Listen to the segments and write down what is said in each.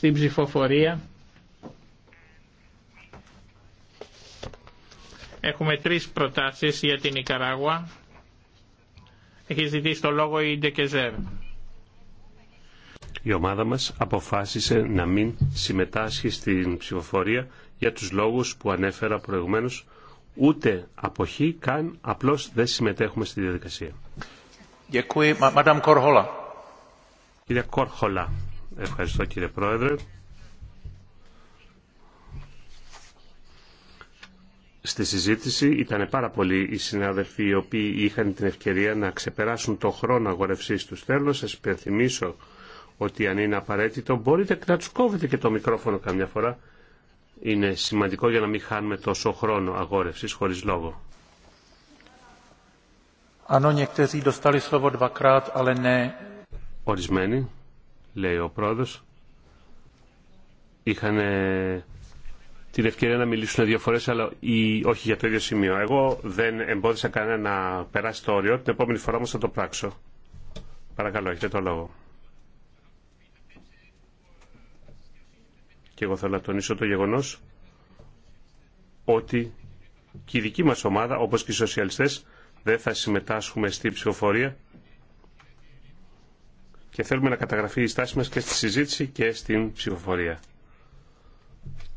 στην ψηφοφορία. Έχουμε τρεις προτάσεις για την Ικαράγουα. Έχει ζητήσει το λόγο η Ντεκεζέρ. Η ομάδα μας αποφάσισε να μην συμμετάσχει στην ψηφοφορία για τους λόγους που ανέφερα προηγουμένως ούτε αποχή καν απλώς δεν συμμετέχουμε στη διαδικασία. Κύριε Κορχολά. Ευχαριστώ κύριε Πρόεδρε. Στη συζήτηση ήταν πάρα πολλοί οι συνάδελφοι οι οποίοι είχαν την ευκαιρία να ξεπεράσουν το χρόνο αγορευσής τους. Θέλω να σας υπενθυμίσω ότι αν είναι απαραίτητο μπορείτε να τους κόβετε και το μικρόφωνο καμιά φορά. Είναι σημαντικό για να μην χάνουμε τόσο χρόνο αγόρευσης χωρίς λόγο. Ορισμένοι λέει ο πρόεδρος. Είχαν την ευκαιρία να μιλήσουν δύο φορές, αλλά ή, όχι για το ίδιο σημείο. Εγώ δεν εμπόδισα κανένα να περάσει το όριο, την επόμενη φορά όμως θα το πράξω. Παρακαλώ, έχετε το λόγο. Και εγώ θέλω να τονίσω το γεγονός ότι και η δική μας ομάδα, όπως και οι σοσιαλιστές, δεν θα συμμετάσχουμε στη ψηφοφορία και θέλουμε να καταγραφεί η στάση μας και στη συζήτηση και στην ψηφοφορία.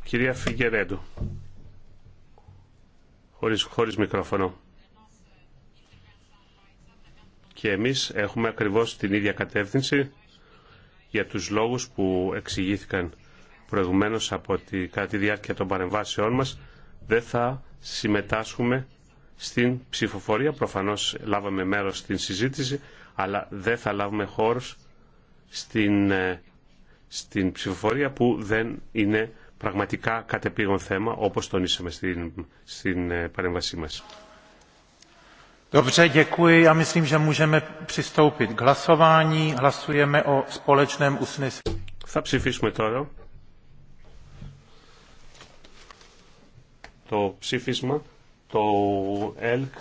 Κυρία Φιγκερέντου, χωρίς, χωρίς μικρόφωνο. Και εμείς έχουμε ακριβώς την ίδια κατεύθυνση για τους λόγους που εξηγήθηκαν προηγουμένως από τη, κατά τη διάρκεια των παρεμβάσεών μας. Δεν θα συμμετάσχουμε στην ψηφοφορία. Προφανώς λάβαμε μέρος στην συζήτηση, αλλά δεν θα λάβουμε χώρος στην, ε, στην ψηφοφορία που δεν είναι πραγματικά κατεπήγον θέμα όπως τονίσαμε στην, στην ε, παρέμβασή μας. Dobře, děkuji. Ja myslím, że můžeme přistoupit k hlasování. o Θα ψηφίσουμε τώρα το ψήφισμα του ΕΛΚ,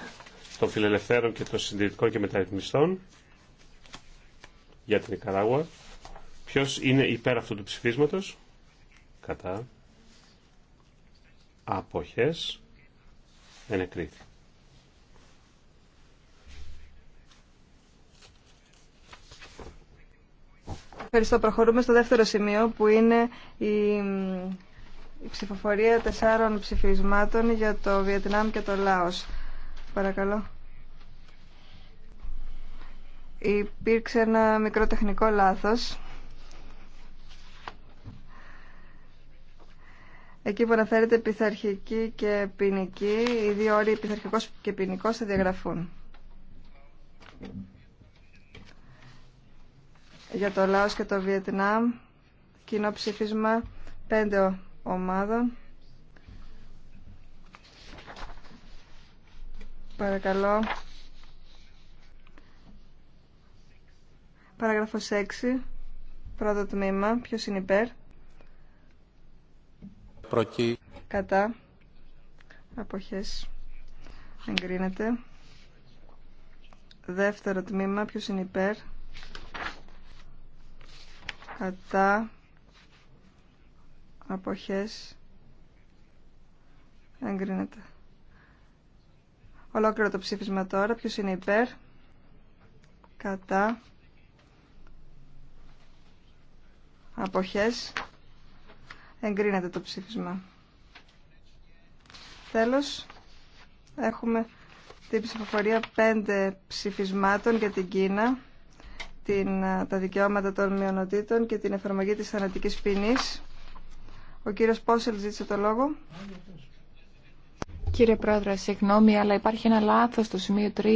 των Φιλελευθέρων και των Συντηρητικών και Μεταρρυθμιστών για την Ικαράγουα. Ποιος είναι υπέρ αυτού του ψηφίσματος. Κατά. Αποχές. Ενεκρίθη. Ευχαριστώ. Προχωρούμε στο δεύτερο σημείο που είναι η, ψηφοφορία τεσσάρων ψηφισμάτων για το Βιετνάμ και το Λάος. Παρακαλώ. Υπήρξε ένα μικρό τεχνικό λάθος. Εκεί που αναφέρεται πειθαρχική και ποινική, οι δύο όροι πειθαρχικός και ποινικός θα διαγραφούν. Για το Λάος και το Βιετνάμ, κοινό ψήφισμα πέντε ομάδων. Παρακαλώ. Παράγραφος 6. Πρώτο τμήμα. Ποιος είναι υπέρ. Προκύ. Κατά. Αποχές. Εγκρίνεται. Δεύτερο τμήμα. Ποιος είναι υπέρ. Κατά. Αποχές. Εγκρίνεται. Ολόκληρο το ψήφισμα τώρα. Ποιος είναι υπέρ. Κατά. αποχές εγκρίνεται το ψήφισμα. Τέλος, έχουμε την ψηφοφορία πέντε ψηφισμάτων για την Κίνα, την, τα δικαιώματα των μειονοτήτων και την εφαρμογή της θανατικής ποινής. Ο κύριος Πόσελ ζήτησε το λόγο. Κύριε Πρόεδρε, συγγνώμη, αλλά υπάρχει ένα λάθος στο σημείο 3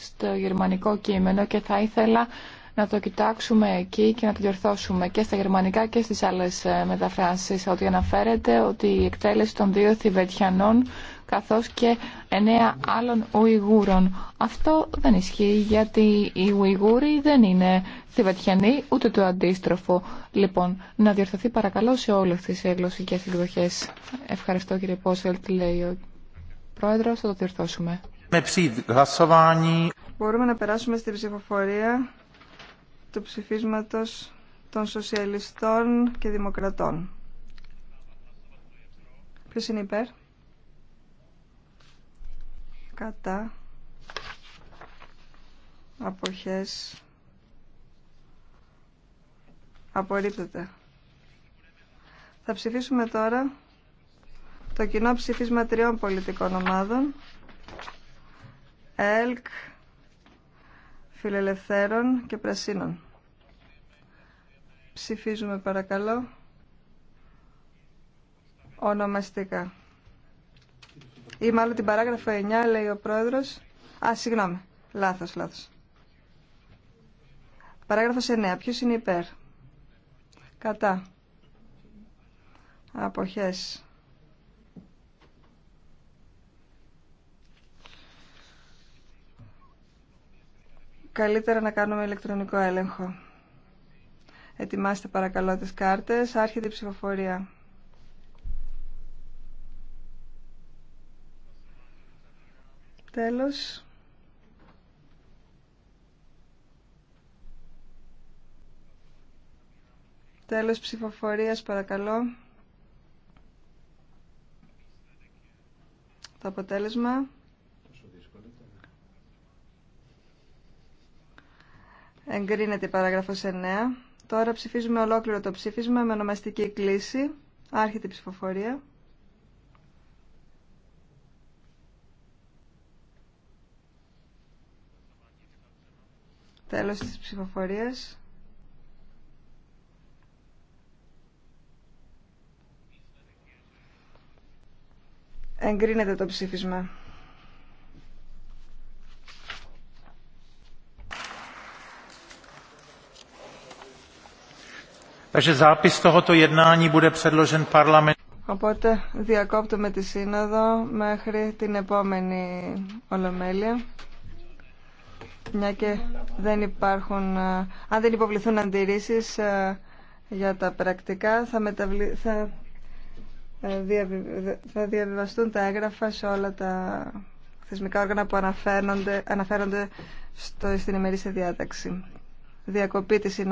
στο γερμανικό κείμενο και θα ήθελα να το κοιτάξουμε εκεί και να το διορθώσουμε και στα γερμανικά και στις άλλες ε, μεταφράσεις ότι αναφέρεται ότι η εκτέλεση των δύο Θιβετιανών καθώς και εννέα άλλων Ουιγούρων. Αυτό δεν ισχύει γιατί οι Ουιγούροι δεν είναι Θιβετιανοί ούτε το αντίστροφο. Λοιπόν, να διορθωθεί παρακαλώ σε όλες τις γλωσσικές εκδοχέ. Ευχαριστώ κύριε Πόσελ, τι λέει ο Πρόεδρος, θα το διορθώσουμε. Μπορούμε να περάσουμε στην ψηφοφορία του ψηφίσματος των Σοσιαλιστών και Δημοκρατών. Ποιος είναι υπέρ? Κατά. Αποχές. Απορρίπτεται. Θα ψηφίσουμε τώρα το κοινό ψήφισμα τριών πολιτικών ομάδων. ΕΛΚ, Φιλελευθέρων και Πρασίνων. Ψηφίζουμε παρακαλώ ονομαστικά. Ή μάλλον την παράγραφο 9 λέει ο πρόεδρος. Α, συγγνώμη. Λάθος, λάθος. Παράγραφος 9. Ποιος είναι υπέρ. Κατά. Αποχές. καλύτερα να κάνουμε ηλεκτρονικό έλεγχο. Ετοιμάστε παρακαλώ τις κάρτες. Άρχεται η ψηφοφορία. Τέλος. Τέλος ψηφοφορίας παρακαλώ. Το αποτέλεσμα. Εγκρίνεται η παράγραφος 9. Τώρα ψηφίζουμε ολόκληρο το ψήφισμα με ονομαστική κλίση. Άρχεται η ψηφοφορία. Τέλος της ψηφοφορίας. Εγκρίνεται το ψήφισμα. Οπότε διακόπτουμε τη σύνοδο μέχρι την επόμενη ολομέλεια. Μια και δεν υπάρχουν, ε, αν δεν υποβληθούν αντιρρήσεις ε, για τα πρακτικά, θα, μεταβλη, ε, διαβιβαστούν τα έγγραφα σε όλα τα θεσμικά όργανα που αναφέρονται, αναφέρονται στο, στην ημερήσια διάταξη. Διακοπή τη